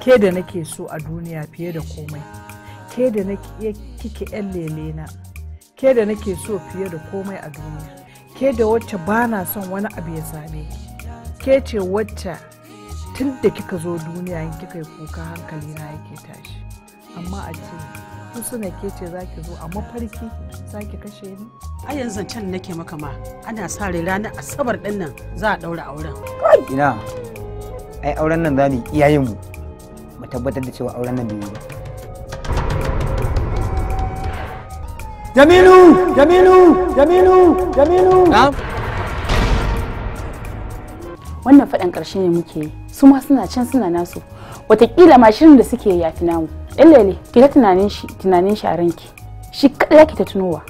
ke da nake so a duniya fiye da komai ke da nake eh, kike yan lelena ke da nake so fiye da komai a duniya ke da wacce ba na son wani abu ya same ki. ke ce wacce tun da kika zo duniya in kika yi kuka hankali na yake tashi amma a ce su suna ke ce za ki zo a mafarki za ki kashe ni. A yanzu can nake maka ma ana sa rai ranar asabar ɗinnan nan za a ɗaura auren. Ina ai auren nan za ni iyayenmu. tabbatar da cewa auren nan bai yi ba Jaminu! Jaminu! Jaminu! Jaminu! Wannan faɗin ƙarshe ne muke yi, su ma suna can suna nasu. Wataƙila ma shirin da suke yafi namu. Ɗan ki ta tunanin shi, tunanin shi a ranki. Shi kaɗai ki ta tunowa.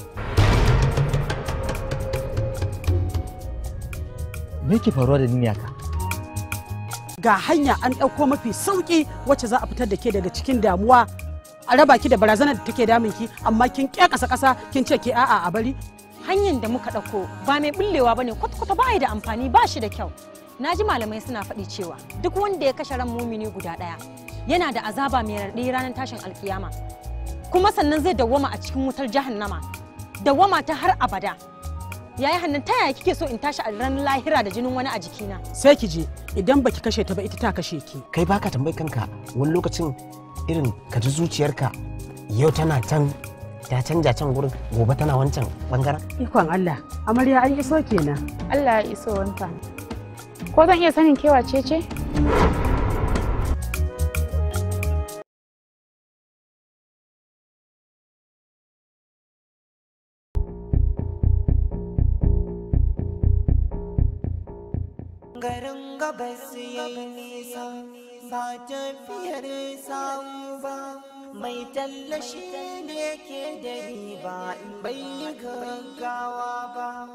Me ke faruwa da ni ka. ga hanya an ɗauko mafi sauki wacce za a fitar da ke daga cikin damuwa a raba ki da barazanar da take damun ki amma kin ƙya ƙasa ƙasa kin ce ke a'a a bari hanyar da muka ɗauko ba mai bullewa bane kwata-kwata ba da amfani ba shi da kyau na ji malamai suna faɗi cewa duk wanda ya kashe ran mumini guda ɗaya yana da azaba mai raɗi ranar tashin alkiyama kuma sannan zai dawwama a cikin wutar jahannama dawwama ta har abada yayi hannun ta yaya kike so in tashi a ran lahira da jinin wani a jikina sai ki je idan baki kashe ta ba ita ta kashe ki kai baka tambayi kanka wani lokacin irin ka ji zuciyarka yau tana can ta canja can gurin gobe tana wancan bangaren ikon Allah amarya an iso kenan Allah ya iso wanka ko zan iya sanin kewa ce ce gabas ya yi nisa ba tafiyar samu ba mai tallashi ne ke da riba in gaggawa ba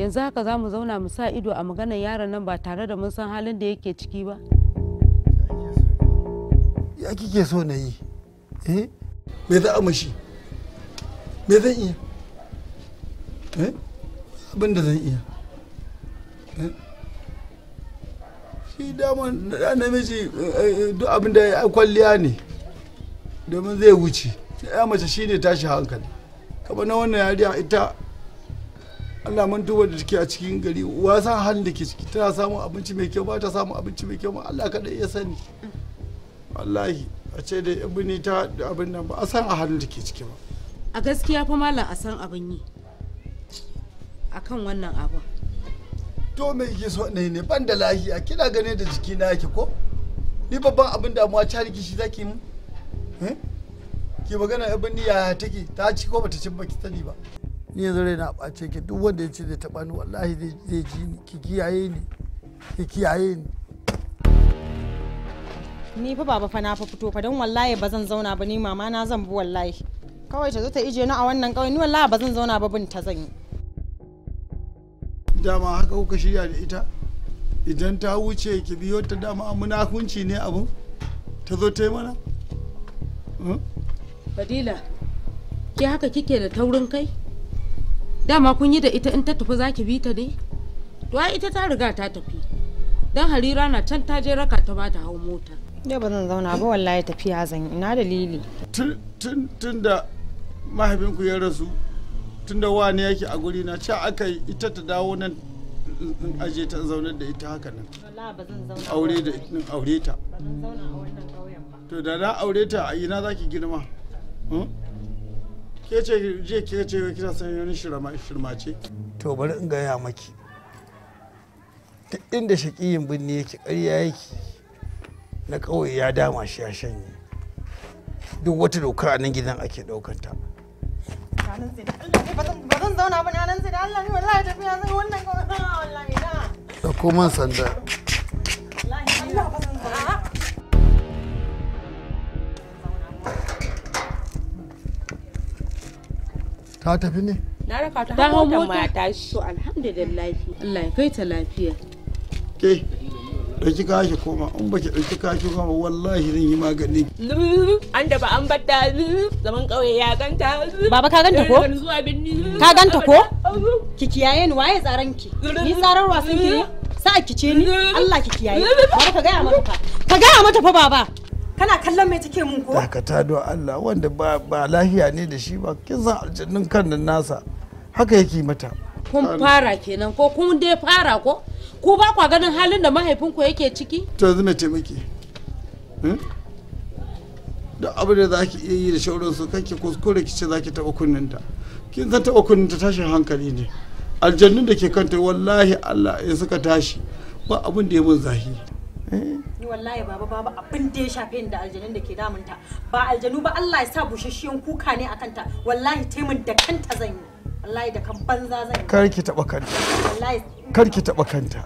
yanzu haka za mu zauna mu sa ido a maganar yaron nan ba tare da mun san halin da yake ciki ba ya kike so na yi eh me za a mashi me zan iya eh abin da zan iya eh? shi dama da namiji eh, eh, duk abin da ya kwalliya ne domin zai wuce ya mace shine tashi hankali kamar na wannan yariya ita Allah mantowa da take a cikin gari wa san halin da ke ciki tana samun abinci mai kyau ba ta samun abinci mai kyau Allah kada ya sani wallahi a ce da ibni ta abin nan ba a san a halin da ke ciki ba a gaskiya fa malam a san abin yi akan wannan abu. to me yake so ne ne ban da lahiya kina gane da jiki na yake ko ni babban abin damuwa ta rikici zaki mu eh ki magana ibni ya take ta ci ko bata ci ba ki sani ba ni yanzu rai na ɓace ki duk wanda ya ce zai taɓa ni wallahi zai ji ni ki kiyaye ni ki kiyaye ni ni fa baba fa na fa fito fa don wallahi ba zan zauna ba ni mama na zan bi wallahi kawai ta zo ta ije ni a wannan kawai ni wallahi ba zan zauna ba bin ta zan yi dama haka kuka shirya da ita idan ta wuce ki biyo ta dama munafunci ne abun ta zo ta yi mana fadila ke haka kike da taurin kai dama kun yi da ita in ta tafi za ki bi ta ne to ai ita ta riga ta tafi dan harira na can ta je raka ta ta hau mota ya ba zan zauna ba wallahi tafiya zan ina dalili tun tun da mahaifinku ya rasu tun da wani yake a guri na ca aka yi ita ta dawo nan in aje ta zaunar da ita haka nan aure da in aure ta to da na aure ta a ina zaki girma hmm? ke ce je ke ce kina san wani shirma ce to bari in gaya maki duk inda shaƙiyin binne yake ƙarya yake na ƙauye ya dama shi ya shanye duk wata doka a nan gidan ake ɗaukanta ba zan zauna ba nan da Allah ne wallahi tafiya zai wannan kawai ah, wallahi ah. sanda ka tafi ne na raka ta hawo mota ma ta shi so alhamdulillah Allah ya kai ta lafiya ke ɗauki kashi koma in ba ki ɗauki kashi koma wallahi zan yi magani. an da ba an batta zaman kauye ya ganta. baba ka ganta ko ka ganta ko ki kiyaye ni waye tsaran ki ni tsaron wasan ki ne sa ki ce ni Allah ki kiyaye bari ka ya mata ka ga ya mata fa baba. kana kallon mai take mun ko dakata do Allah wanda ba ba lafiya ne da shi ba kin san aljannin kan nan nasa haka yake mata kun fara kenan ko kun dai fara ko ku ba kwa ganin halin da mahaifinku yake ciki to yanzu ce miki hmm? da abin da zaki iya yi da shauransu kake kuskure kice zaki taba kunninta kin san taba kunninta tashin hankali ne aljannun da ke kanta wallahi Allah in suka tashi ba abin da ya mun zahiri wallahi baba baba abin da ya shafe ni da aljanun da ke damunta ba aljanu ba Allah ya sa bushashiyan kuka ne akan ta wallahi taimin da kanta zan yi wallahi da kan banza zan yi kar ki taba kanta wallahi kar ki taba kanta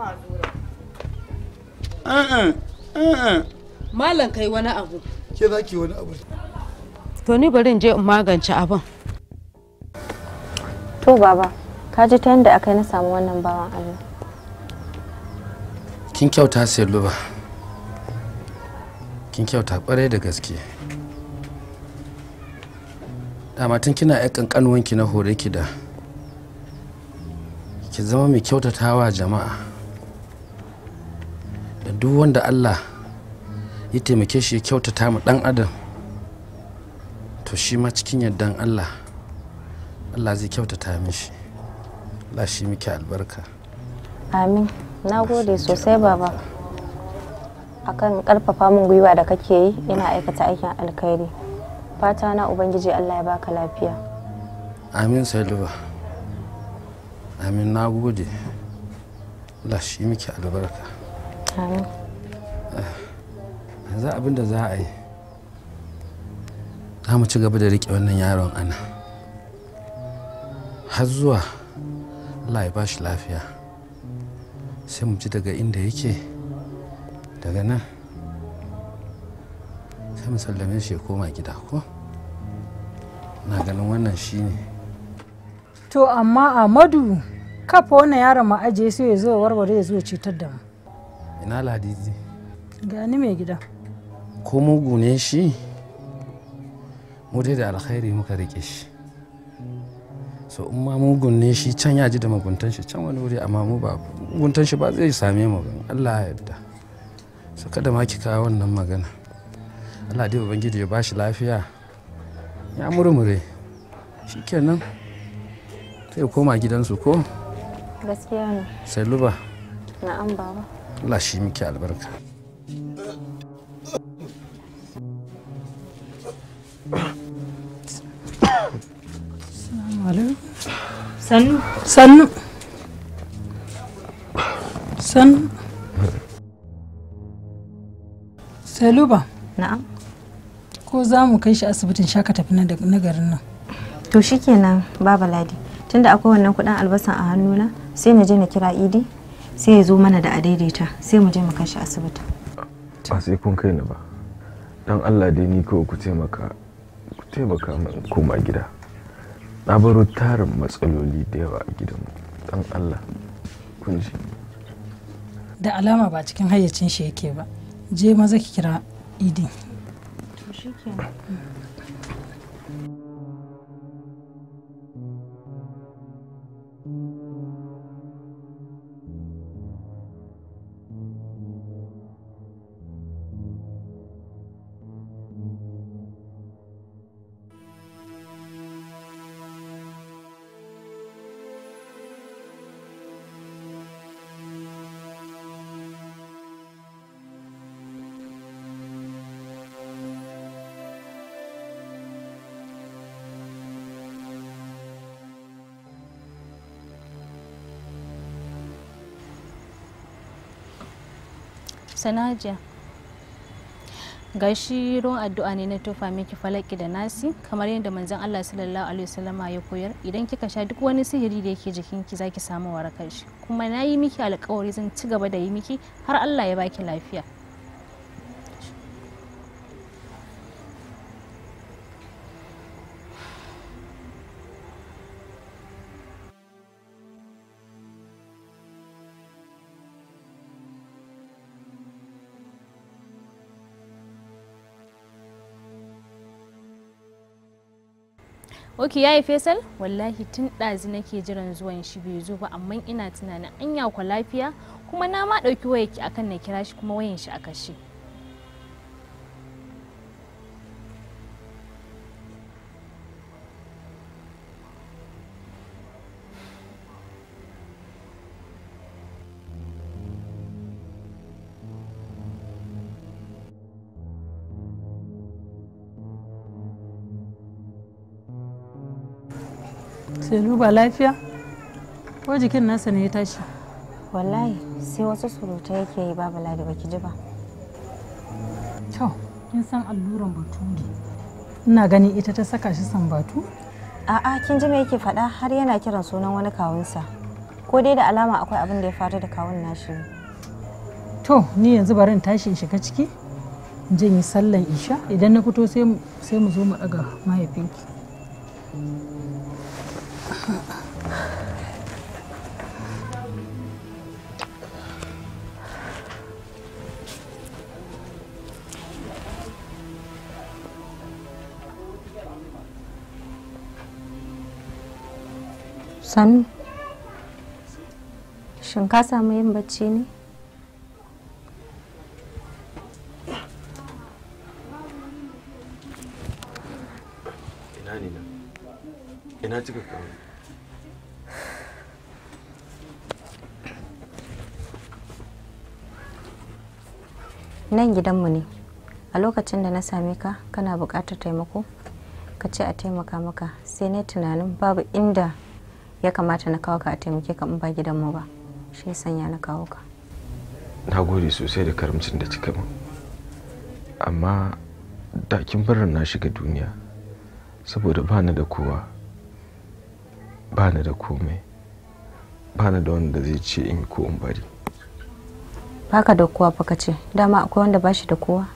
malam kai wani abu ke zaki wani abu to ni bari in je in magance abin to baba ka ji ta yadda aka yi na samu wannan bawan Allah kin kyauta sai luba kin kyauta kwarai da gaske dama tun kina yan kankanuwanki na hore ki da ki zama mai kyautatawa jama'a da duk wanda allah ya taimake shi ya kyautata mu dan adam to shi ma cikin yardan allah allah zai kyautata mishi allah shi muke albarka amin na gode sosai baba akan karfafa min gwiwa da kake yi ina aikata aikin alkhairi fata na ubangiji allah ya baka lafiya amin sailuwa amin na gode allah shi miki albarka amin yanzu abin da za a yi za mu ci gaba da riƙe wannan yaron ana har zuwa allah ya bashi lafiya sai mu ji daga inda yake daga nan sai mu sallame shi ya koma gida ko na ganin wannan shine to amma amadu kafa wannan yaron ma ajiye sai ya zo warware ya zo cutar da mu ina ladidi gani mai gida ko mugu ne shi mu dai da alkhairi muka rike shi so in ma mugun ne shi can ya ji da muguntan shi can wani wuri amma mu ba muguntan shi ba zai same mu Allah ya yarda su kada ma ki kawo wannan magana Allah dai ubangiji ya bashi lafiya ya murmure shikenan sai koma gidansu ko gaskiya ne sai luba na'am baba Allah shi miki albarka sannu sannu sannu saluba na'am ko za mu kai shi asibitin shaka tafi na garin nan to shikenan baba ladi tunda akwai wannan kudin albasan a hannuna sai na je na kira idi sai ya zo mana da adaidaita sai mu je mu kai shi asibiti ba sai kun kai ni ba dan allah dai ni ko ku taimaka ku taimaka min koma gida na baro tarin matsaloli da yawa a mu dan allah kun ji da alama ba cikin hayyacin shi yake ba je maza ki kira Idi. sanaja gashi ruwan addu'a ne na tofa miki falaki da nasi kamar yadda manzon Allah sallallahu alaihi wasallam ya koyar idan kika sha duk wani sihiri da yake jikinki zaki samu warakar shi kuma nayi miki alƙawari zan ci gaba da yi miki har Allah ya baki lafiya ya yi fesal wallahi tun ɗazi nake jiran zuwan shi bai zo ba amma ina tunanin anya ku lafiya kuma na ma ɗauki wayaki akan na kira shi kuma wayan shi a kashe Shelu ba lafiya? Ko jikin nasa ne ya tashi? Wallahi sai wasu surutai yake yi babu ladi baki ji ba. To, kin san alluran baturi Ina gani ita ta saka shi batu A'a kin ji me yake faɗa har yana kiran sunan wani kawunsa. Ko dai da alama akwai abin da ya faru da kawun nashi. To, ni yanzu bari in tashi in shiga ciki. yi sallan isha idan na fito sai mu zo mu ɗaga mahaifinki. Sanu, shin ka samu yin bacci ne? Ina ne nan? Ina cika kawai. nan gidanmu ne a lokacin da na same ka kana buƙatar taimako ka ce a taimaka maka sai na tunanin babu inda ya kamata na kawo ka a taimake ka in ba gidanmu ba shi sanya na kawo ka na gode sosai da karamcin da cika min amma da kin barin na shiga duniya saboda ba ni da kowa ba ni da komai ba ni da wanda zai ce in ko in bari baka da kowa baka ce dama akwai wanda ba shi da kowa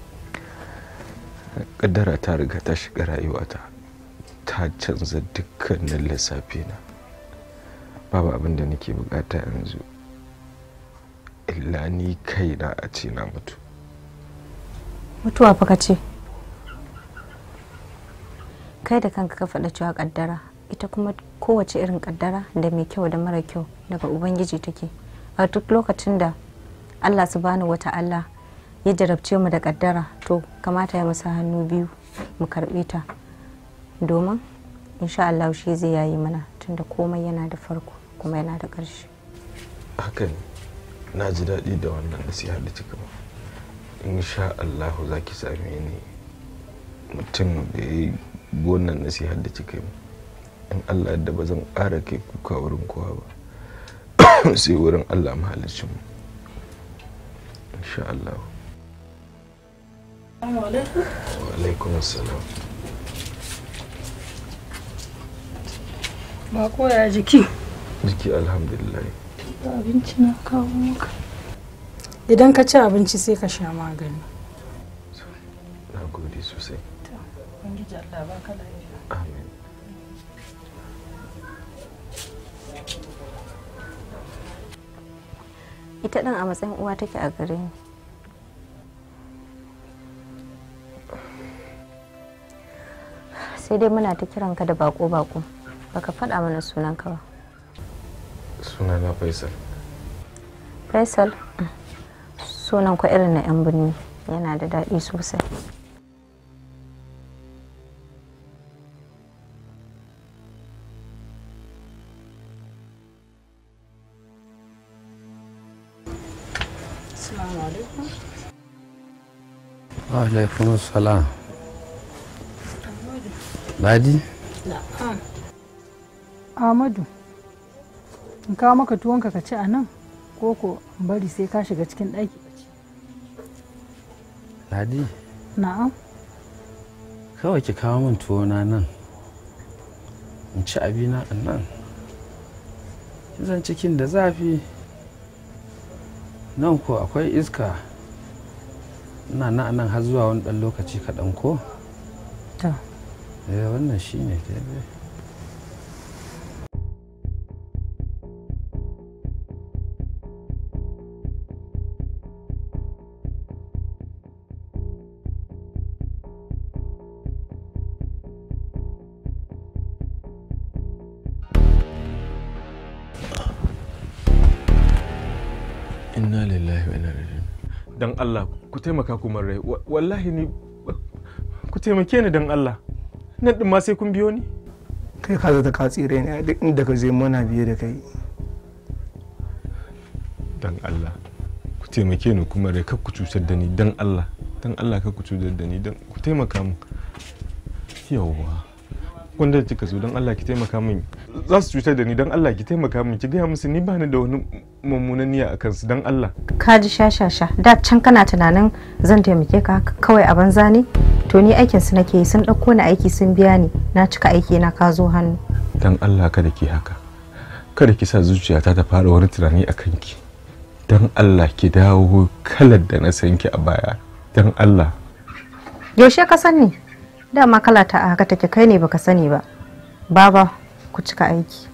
kaddara ta riga ta shiga rayuwata ta canza dukkanin lissafi na babu abin da nake bukata yanzu illa ni kaina a ce na mutu mutuwa fa ce kai da kanka ka faɗa cewa kaddara ita kuma kowace irin kaddara da mai kyau da mara kyau daga ubangiji take a duk lokacin da allah su bani wata Allah ya jarabce mu da kaddara to kamata ya masa hannu biyu mu karbe ta domin insha Allah shi zai yayi mana tunda komai yana da farko kuma yana da ƙarshe hakan na ji daɗi da wannan nasiha da cika ba insha Allah za ki same ni mutum da ya yi wannan nasiha da cika yi in Allah da ba zan ƙara kai kuka wurin kowa ba sai wurin Allah mahaliccin mu ان شاء الله السلام عليكم وعليكم السلام باكو يا jiki Jiki لله Abinci na kawo maka Idan ka ci abinci sai ka sha magani Na gode sosai ita ɗin a matsayin uwa take a gare ni sai dai muna ta kiranka da bako-bako baka faɗa mana sunanka ba sunana faisal faisal mm, sunan ku irin na 'yan birni yana da daɗi sosai Alaikun salam. Ladi? Na'am. in kawo maka tuwonka ka ci a nan, koko bari sai ka shiga cikin ɗaki. Ladi? Na'am. Kawai ki kawo min tuwona nan, in ci abina a nan. Zan cikin da zafi, nan ko akwai iska. na na nan har zuwa wani ɗan lokaci kaɗan ko? ta eh wannan shi ne inna lillahi wa inna ilaihi don Allah ku taimaka ku rai wallahi ni ku taimake ni don Allah nan din ma sai kun biyo ni kai ka zata ka tsire a duk inda ka je muna biye da kai don Allah ku taimake ni kuma rai kar ku cutar da ni don Allah don Allah kar ku cutar da ni don ku taimaka yawa yawwa wanda kika so don Allah ki taimaka min za su cutar da ni don Allah ki taimaka min ki gaya musu ni ba ni da wani mummunan niyya a kansu don Allah. Ka ji sha da can kana tunanin zan taimake ka kawai a banza ne? To ni aikin su nake sun ɗauko ni aiki sun biya ni na cika aiki na ka zo hannu. Don Allah kada ki haka. Kada ki sa zuciyata ta fara wani tunani a kanki. Don Allah ki dawo kalar da na san ki a baya. Don Allah. Yaushe ka sani? Dama kala ta haka take kai ne baka sani ba. Baba ku cika aiki.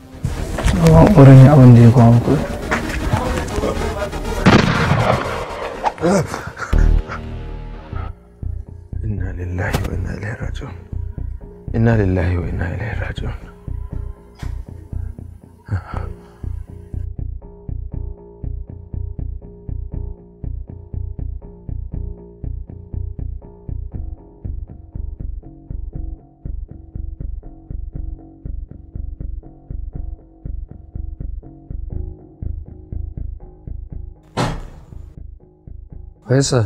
Ba ne abin da ya kuma inna lillahi wa inna ilaihi raji'un inna lillahi wa inna ilaihi raji'un Faisal.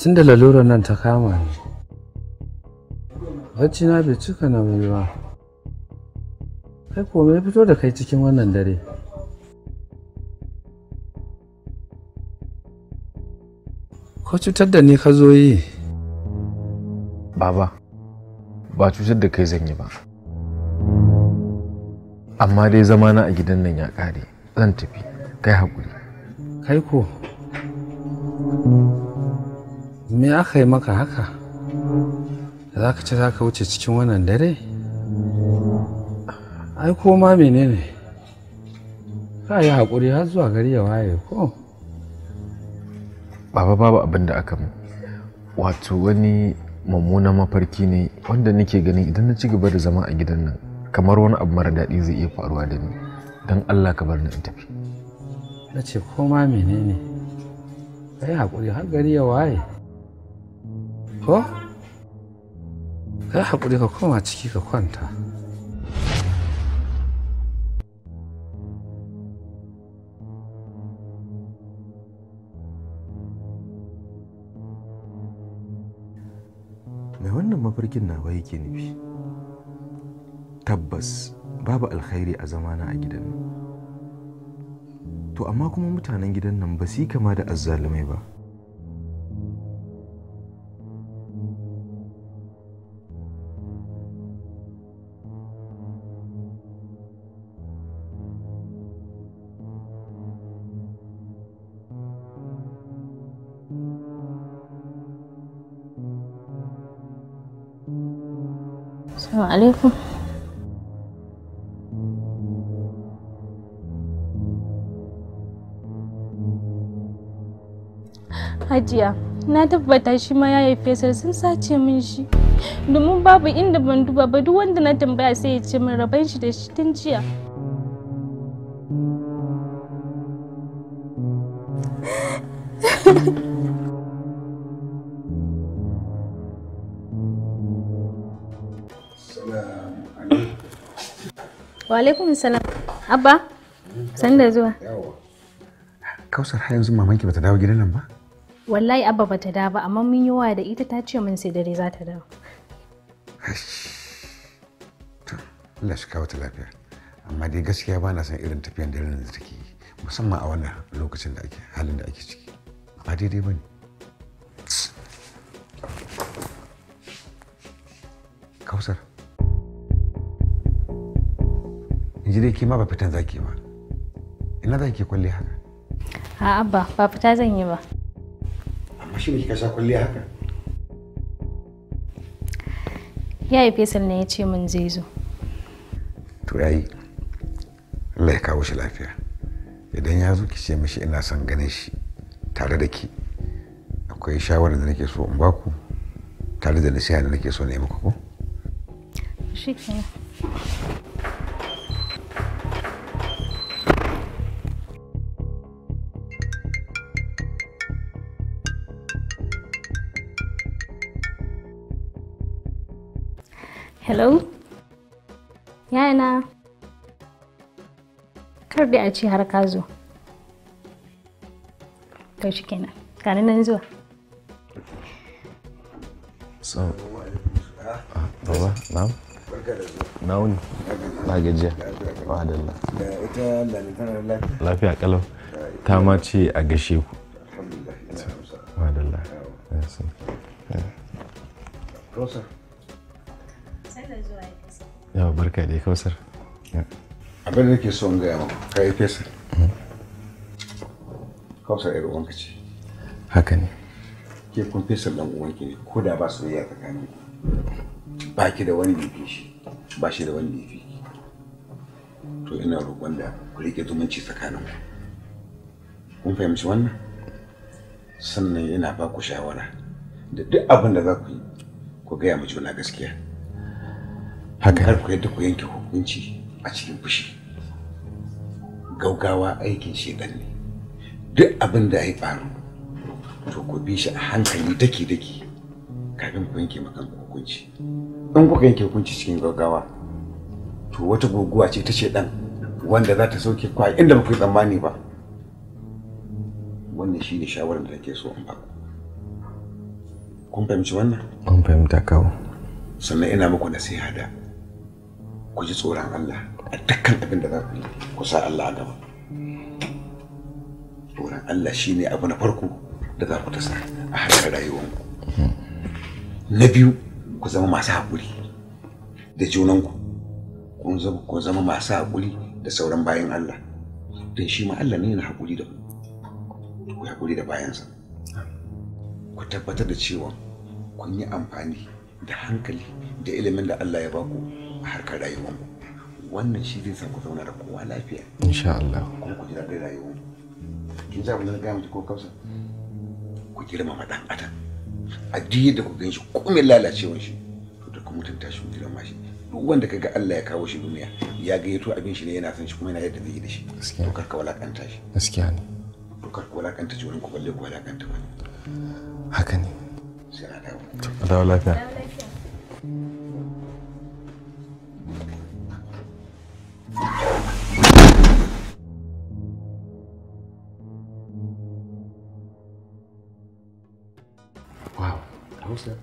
Sun da lalurar nan ta kama ni. Bacci na bai cika mai ba. Kai ko me fito da kai cikin wannan dare? Ko cutar da ni ka zo yi? Baba, ba cutar da kai zan yi ba. Amma dai zamana a gidan nan ya ƙare, zan tafi. kai haƙuri kai ko me aka yi maka haka za ka ce wuce cikin wannan dare ai ko ma menene ka yi haƙuri har zuwa gari ya waye ko baba babu abin da aka wato wani mummunan mafarki ne wanda nake ganin idan na ci gaba da zama a gidan nan kamar wani abu mara daɗi zai iya faruwa da ni don allah ka bar ni in tafi na ce koma menene ka yi haƙuri har gari ya waye ko ka yi haƙuri ka koma ciki ka kwanta mai wannan mafarkin na nawa yake nufi tabbas babu alkhairi a zamana a gidan nan to amma kuma mutanen gidan nan ba su yi kama da azzalumai ba Assalamu alaikum. hajiya na tabbata shi ma ya haife sa sun sace min shi domin babu inda ban duba ba duk wanda na tambaya sai ya ce min raban shi da shi tun jiya Wa alaikum salam. Abba, sanda zuwa. Kausar har yanzu mamanki bata dawo gidan nan ba? wallahi abba ba ta da ba amma mun yi waya da ita ta ce min sai dare za ta dawo Allah shi kawo ta lafiya amma dai gaskiya ba na son irin tafiyan da da take yi musamman a wannan lokacin da ake halin da ake ciki amma daidai ba ne kausar in ji dai kima ba fitan zaki ba ina za ki kwalle haka a abba ba fita zan yi ba shi ne fesal ne ya ce min zai zo to yayi Allah ya kawo shi lafiya idan ya zo ki ce mishi ina son ganin shi tare da ke akwai shawarar da nake so in baku tare da nasiha da nake so na yi muku ko shi Hello? Yana? Kar dai a ce har ka zo. Kai shi kenan. Gani nan zuwa. So, ah, Baba, na'am? Na wuni. Na gajiya. Ba da Allah. Ita lafiya Lafiya kalau. Ta ma ce a gashe ku. Alhamdulillah. Ba da Allah. Yes. Yeah. barka da kausar abin da ke son gaya ka yi fesa hmm. kausar yar uwanka ce haka ne ke kun fesa dan uwanki ne ko da ba su yi tsakanin ku ba ki da wani bifi shi ba shi da wani bifi to ina roƙon da ku rike zumunci tsakanin ku kun fahimci wannan sannan ina ba ku shawara da duk abin da za ku yi ku gaya mu juna gaskiya haka har ku yadda ku yanke hukunci a cikin fushi gaugawa aikin shedan ne duk abin da ya faru to ku bi shi a hankali daki daki kafin ku yanke maka hukunci in kuka yanke hukunci cikin gaugawa to wata guguwa ce ta shedan wanda za ta sauke a inda ba ku tsammani ba wannan shine shawarar da nake so in ba kun fahimci wannan kun fahimta sannan ina muku nasiha da ku ji tsoron Allah a dukkan abin da za ku yi ku sa Allah a gaba tsoron Allah shi ne abu na farko da za ku tasa a harkar rayuwanku na biyu ku zama masu haƙuri da junanku ku zama masu haƙuri da sauran bayan Allah don shi ma Allah ne na haƙuri da ku haƙuri da bayansa ku tabbatar da cewa kun yi amfani da hankali da ilimin da Allah ya baku harkar rayuwar wannan shi zai sa ku zauna da kowa lafiya insha Allah kuma ku ji daɗin rayuwar kin ji abin da na gaya miki ko kausa ku girmama ɗan adam a duk yadda ku gan shi komai lalacewar shi to da ku mutunta shi ku shi duk wanda kaga Allah ya kawo shi duniya ya gayyato abin shi ne yana son shi kuma yana yadda zai yi da shi to karka walakanta shi gaskiya ne to karka walakanta shi wani ku balle ku walakanta wani haka ne sai na dawo to lafiya Wow, Hausa.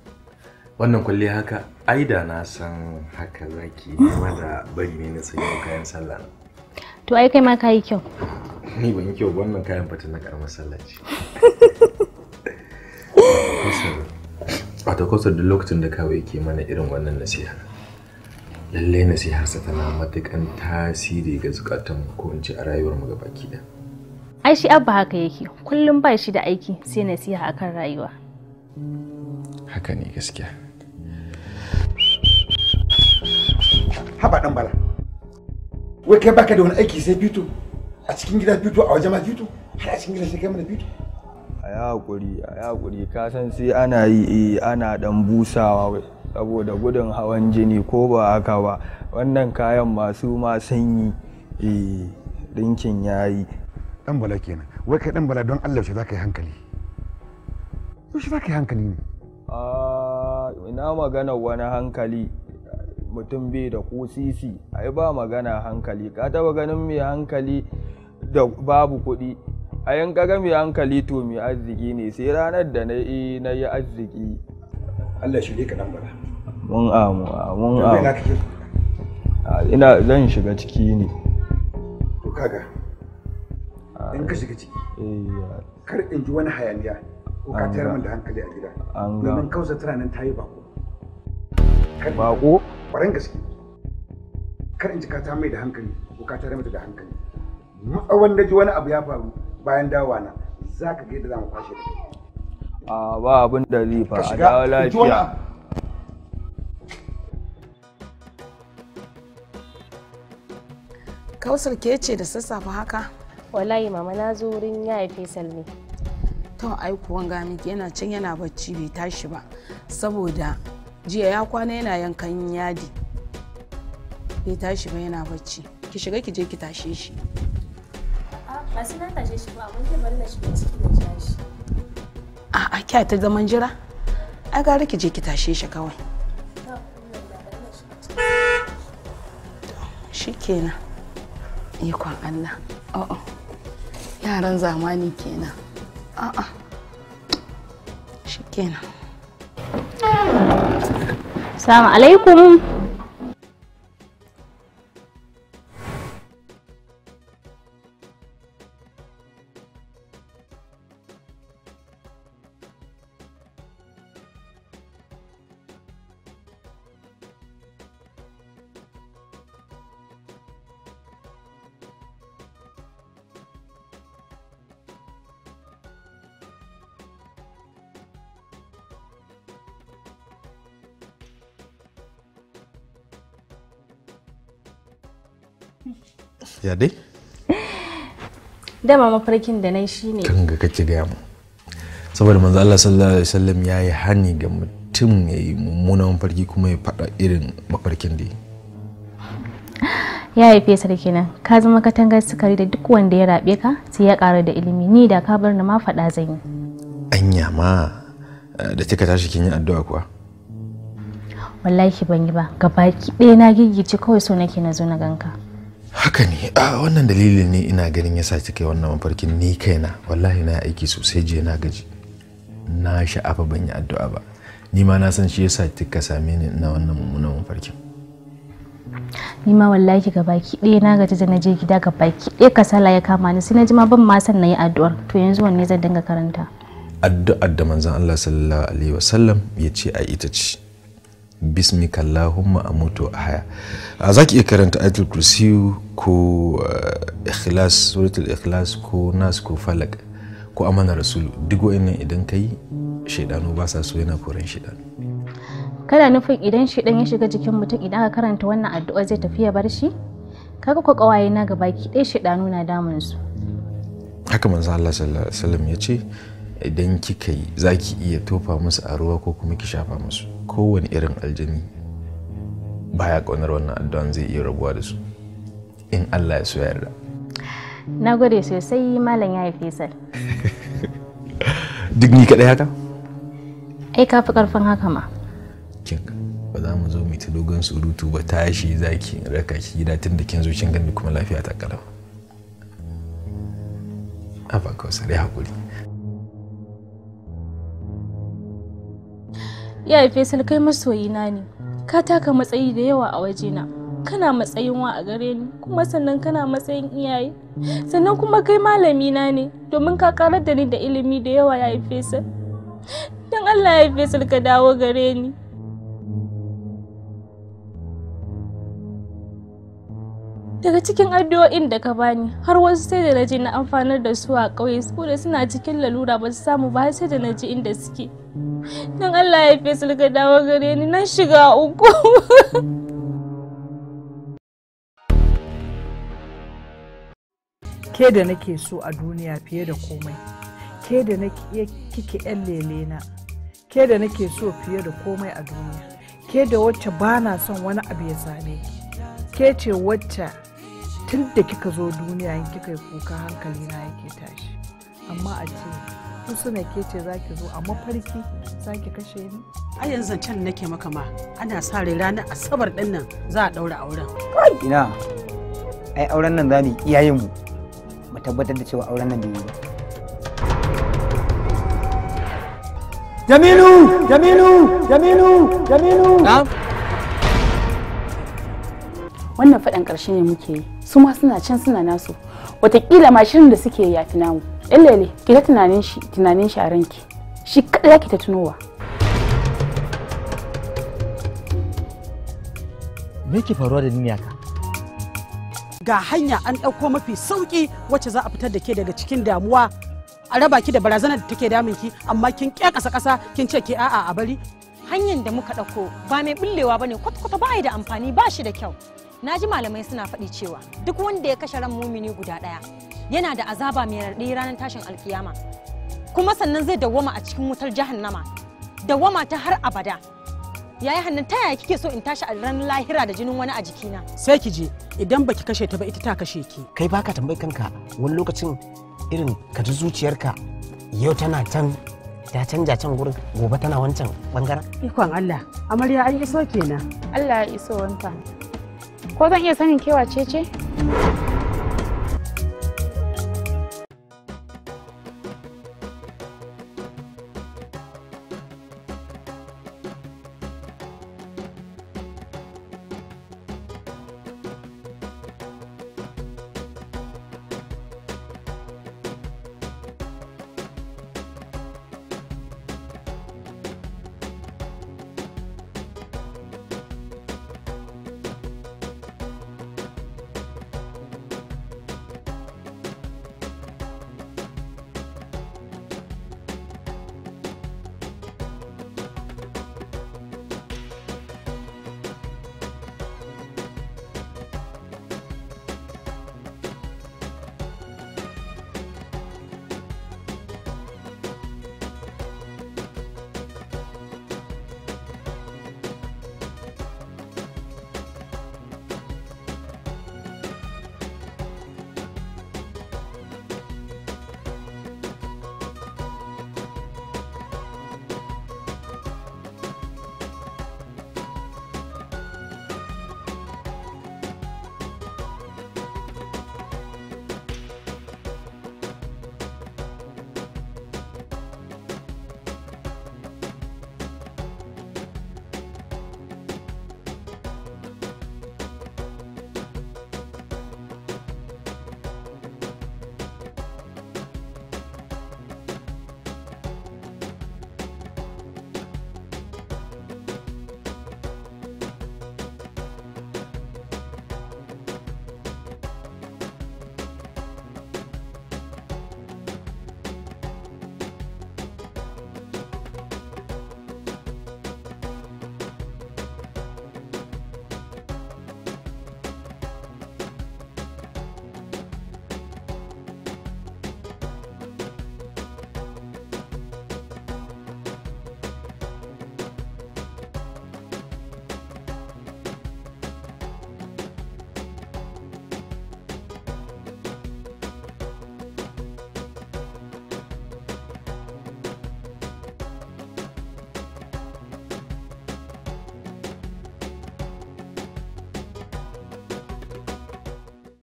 Wannan kwalli haka, aida na san haka zaki nema da bari ne na sayo kayan sallah. To ai kai ma ka kyau. Ni ban kyau wannan kayan fata na karamar sallah ce. Wato kusa da lokacin da kawai ke mana irin wannan nasiha. lallai nasiharsa tana matukan tasiri ga zukatan ko in ce a rayuwar mu gaba ki ai shi abba haka yake kullum ba shi da aiki sai nasiha akan rayuwa haka ne gaskiya haba dan bala wai kai baka da wani aiki sai fito a cikin gida fito a waje ma fito har a cikin gida sai kai mana fito a yi haƙuri a yi haƙuri ka san sai ana yi eh, ana dan busawa wai saboda gudun hawan jini ko ba haka ba wannan kayan masu ma sanyi dinkin eh, ya yi ɗan bala kenan wai kai ɗan bala don allah shi za ka yi hankali shi za ka yi hankali ne ina magana wani hankali mutum bai da ko sisi ai ba magana hankali ka taba ganin mai hankali da babu kuɗi a yan kaga mai hankali to mai arziki ne sai ranar da na yi arziki Allah shi ka nan bala mun amu ah, ah, mun ah. ina zan shiga ciki ne to kaga in ka shiga ciki eh, kar in ji wani hayaniya ko ka tayar min da hankali a gida domin kausa tana nan ta yi bako bako gaske kar in ji ka mai da hankali ko ka tayar mata da hankali da ji wani abu ya faru bayan na za ka ga yadda za mu kwashe da ba abin da zai a dawo lafiya kausar ke ce da sassafe haka wallahi mama na zo wurin yaya fesal ne to aikuwan ga miki yana can yana bacci bai tashi ba saboda jiya ya kwana yana yankan yadi bai tashi ba yana bacci ki shiga ki je ki tashe shi a na tashe shi ba mun ke bari na shiga ciki da jira shi a'a kya ta zaman jira ai gara ki je ki tashe shi kawai shikenan ikon Allah a'a oh, oh. yaran zamani kenan a'a oh, shi kenan Assalamu alaikum. dama mafarkin da nan shine kan ga kake gaya mu saboda manzo Allah sallallahu alaihi wasallam ya yi hani ga mutum ya yi mummunan mafarki kuma ya faɗa irin mafarkin da ya haife fesar nan ka zama katangar sukari da duk wanda ya rabe ka sai ya ƙara da ilimi ni da ka bar ni ma faɗa zan yi anya ma eh, da kika tashi kin yi addu'a kuwa wallahi ban yi ba gabaki ɗaya na giggice kawai so nake na zo na ganka haka ne a wannan dalilin ne ina ganin yasa kai wannan mafarkin ni kaina wallahi na aiki sosai je na gaji na sha'afa ban yi addu'a ba ni ma na san shi yasa kika same ni na wannan mummunan mafarkin ni ma wallahi ga baki ɗaya na gaji da je gida ga baki ɗaya kasala ya kama ni sai na ji ma ban ma san na yi addu'ar to yanzu wanne zan dinga karanta addu'ar da manzon Allah sallallahu alaihi wasallam ya ce a ita ce bismika Allahumma mutu a haya a za ki iya karanta ayatul kursiyu ko eh, ikhlas suratul ikhlas ko nas ko falak ko amana rasulu duk wa'annan idan ka yi ba sa so yana koran shaidanu kana nufin idan shaidan ya shiga jikin mutum idan aka karanta wannan addu'a zai tafi ya bar shi kaga ko kawaye na gaba ki dai shaidanu na damun su haka manzo Allah sallallahu alaihi wasallam ya ce idan kika yi zaki iya tofa musu a ruwa ko kuma ki shafa musu kowane irin aljani baya ƙaunar wannan addu'an zai iya rabuwa da su in Allah ya so yarda na gode sosai malam ya sai. duk ni kaɗai haka ai ka fi ƙarfin haka ma kin ba za mu zo mu ta dogon surutu ba tashi zaki raka ki gida tun da kin zo kin gani kuma lafiya ta kalau a ba kawai hakuri Iyaye Faisal kai masoyina ne. Ka taka matsayi da yawa a waje wajena. Kana matsayin wa a gare ni, kuma sannan kana matsayin iyaye. Sannan kuma kai malami na ne, domin ka karar da ni da ilimi da yawa ya haife Faisal. Dan Allah ya Faisal ka dawo gare ni. daga cikin addu'o'in da ka bani har wasu sai da naje na amfanar da su a ƙauye saboda suna cikin lalura ba su samu ba sai da naje inda suke don Allah ya fi sulka dawo gare ni nan shiga uku ke da nake so a duniya fiye da komai ke da nake kike yan na ke da nake so fiye da komai a duniya ke da wacce ba na son wani abu ya same ke ce wacce tun da kika zo duniya in kika yi kuka hankali na yake tashi amma a ce suna ke ce za ki zo a mafarki za ki kashe ni a yanzu zancen nake maka ma ana sa rai ranar asabar din nan za a daura auren ina ai auren nan za mu iyayen mu mu tabbatar da cewa auren nan bai yi Jamilu! Jamilu! Jamilu! Jamilu! Wannan faɗin ƙarshe ne muke yi. su ma suna can suna nasu watakila ma shirin da suke yafi namu ilele ki ta tunanin shi tunanin shi a ranki shi kada zaki ta tunowa me ke faruwa da duniya ka ga hanya an ɗauko mafi sauki wacce za a fitar da ke daga cikin damuwa a raba ki da barazanar da take damun ki amma kin ƙya ƙasa ƙasa kin ce ki a'a a bari hanyar da muka ɗauko ba mai bullewa bane kwata-kwata ba da amfani ba shi da kyau na ji malamai suna faɗi cewa duk wanda ya kashe ran mumini guda ɗaya yana da azaba mai raɗi ranar tashin alkiyama kuma sannan zai dawwama a cikin wutar jahannama dawwama ta har abada yayi hannun ta yaya kike so in tashi a ranar lahira da jinin wani a jikina sai ki je idan baki kashe ta ba ita ta kashe ki kai baka tambayi kanka wani lokacin irin ka ji zuciyarka yau tana can ta canja can gurin gobe tana wancan bangaren ikon Allah amarya an iso kenan Allah ya iso wanta ko zan iya sanin kewa ce ce?